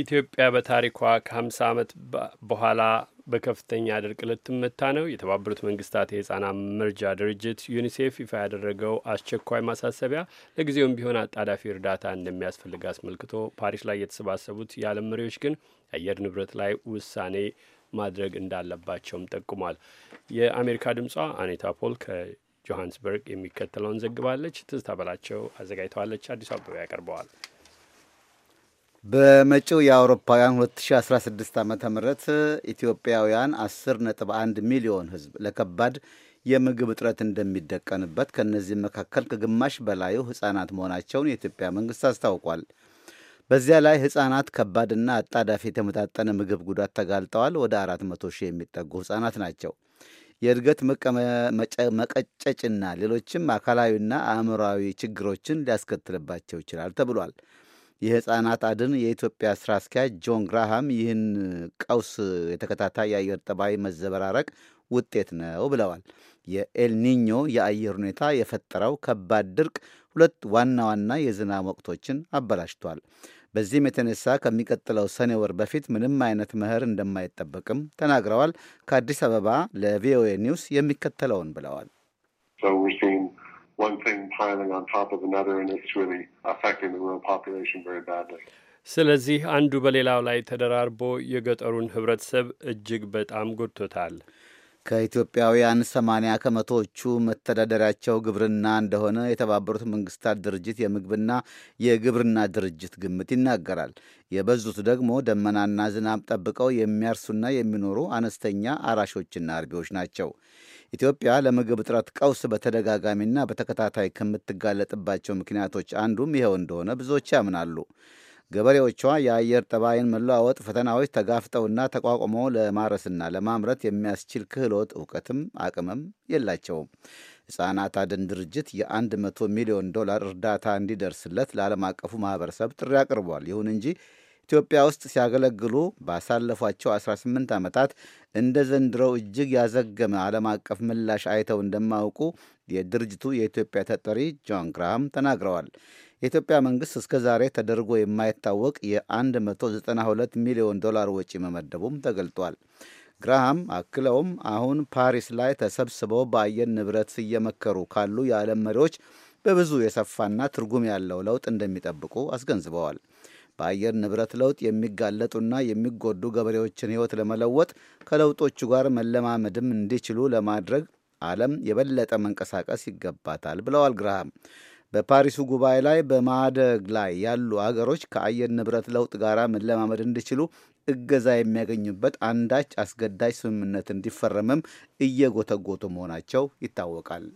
ኢትዮጵያ በታሪኳ ከ50 ዓመት በኋላ በከፍተኛ ድርቅ ልትመታ ነው። የተባበሩት መንግስታት የህጻናት መርጃ ድርጅት ዩኒሴፍ ይፋ ያደረገው አስቸኳይ ማሳሰቢያ ለጊዜውም ቢሆን አጣዳፊ እርዳታ እንደሚያስፈልግ አስመልክቶ ፓሪስ ላይ የተሰባሰቡት የዓለም መሪዎች ግን የአየር ንብረት ላይ ውሳኔ ማድረግ እንዳለባቸውም ጠቁሟል። የአሜሪካ ድምጿ አኔታ ፖል ከጆሃንስበርግ የሚከተለውን ዘግባለች። ትዝታ በላቸው አዘጋጅተዋለች። አዲሱ አበባ ያቀርበዋል። በመጪው የአውሮፓውያን 2016 ዓ ም ኢትዮጵያውያን 10.1 ሚሊዮን ህዝብ ለከባድ የምግብ እጥረት እንደሚደቀንበት ከእነዚህ መካከል ከግማሽ በላዩ ሕፃናት መሆናቸውን የኢትዮጵያ መንግሥት አስታውቋል። በዚያ ላይ ሕፃናት ከባድና አጣዳፊ የተመጣጠነ ምግብ ጉዳት ተጋልጠዋል። ወደ 400 ሺህ የሚጠጉ ሕፃናት ናቸው። የእድገት መቀጨጭና ሌሎችም አካላዊና አእምራዊ ችግሮችን ሊያስከትልባቸው ይችላል ተብሏል። የህፃናት አድን የኢትዮጵያ ስራ አስኪያጅ ጆን ግራሃም ይህን ቀውስ የተከታታይ የአየር ጠባይ መዘበራረቅ ውጤት ነው ብለዋል። የኤልኒኞ የአየር ሁኔታ የፈጠረው ከባድ ድርቅ ሁለት ዋና ዋና የዝናብ ወቅቶችን አበላሽቷል። በዚህም የተነሳ ከሚቀጥለው ሰኔ ወር በፊት ምንም አይነት መኸር እንደማይጠበቅም ተናግረዋል። ከአዲስ አበባ ለቪኦኤ ኒውስ የሚከተለውን ብለዋል። one thing piling on top of another and it's really affecting the rural population very badly. ስለዚህ አንዱ በሌላው ላይ ተደራርቦ የገጠሩን ህብረተሰብ እጅግ በጣም ጎድቶታል። ከኢትዮጵያውያን 80 ከመቶዎቹ መተዳደሪያቸው ግብርና እንደሆነ የተባበሩት መንግስታት ድርጅት የምግብና የግብርና ድርጅት ግምት ይናገራል። የበዙት ደግሞ ደመናና ዝናብ ጠብቀው የሚያርሱና የሚኖሩ አነስተኛ አራሾችና አርቢዎች ናቸው። ኢትዮጵያ ለምግብ እጥረት ቀውስ በተደጋጋሚና በተከታታይ ከምትጋለጥባቸው ምክንያቶች አንዱም ይኸው እንደሆነ ብዙዎች ያምናሉ። ገበሬዎቿ የአየር ጠባይን መለዋወጥ ፈተናዎች ተጋፍጠውና ተቋቁመው ለማረስና ለማምረት የሚያስችል ክህሎት እውቀትም አቅምም የላቸውም። ሕፃናት አድን ድርጅት የ100 ሚሊዮን ዶላር እርዳታ እንዲደርስለት ለዓለም አቀፉ ማህበረሰብ ጥሪ አቅርቧል። ይሁን እንጂ ኢትዮጵያ ውስጥ ሲያገለግሉ ባሳለፏቸው 18 ዓመታት እንደ ዘንድሮው እጅግ ያዘገመ ዓለም አቀፍ ምላሽ አይተው እንደማያውቁ የድርጅቱ የኢትዮጵያ ተጠሪ ጆን ግራሃም ተናግረዋል። የኢትዮጵያ መንግሥት እስከ ዛሬ ተደርጎ የማይታወቅ የ192 ሚሊዮን ዶላር ወጪ መመደቡም ተገልጧል። ግራሃም አክለውም አሁን ፓሪስ ላይ ተሰብስበው በአየር ንብረት እየመከሩ ካሉ የዓለም መሪዎች በብዙ የሰፋና ትርጉም ያለው ለውጥ እንደሚጠብቁ አስገንዝበዋል። በአየር ንብረት ለውጥ የሚጋለጡና የሚጎዱ ገበሬዎችን ሕይወት ለመለወጥ ከለውጦቹ ጋር መለማመድም እንዲችሉ ለማድረግ ዓለም የበለጠ መንቀሳቀስ ይገባታል ብለዋል ግርሃም። በፓሪሱ ጉባኤ ላይ በማደግ ላይ ያሉ አገሮች ከአየር ንብረት ለውጥ ጋር መለማመድ እንዲችሉ እገዛ የሚያገኙበት አንዳች አስገዳጅ ስምምነት እንዲፈረምም እየጎተጎቱ መሆናቸው ይታወቃል።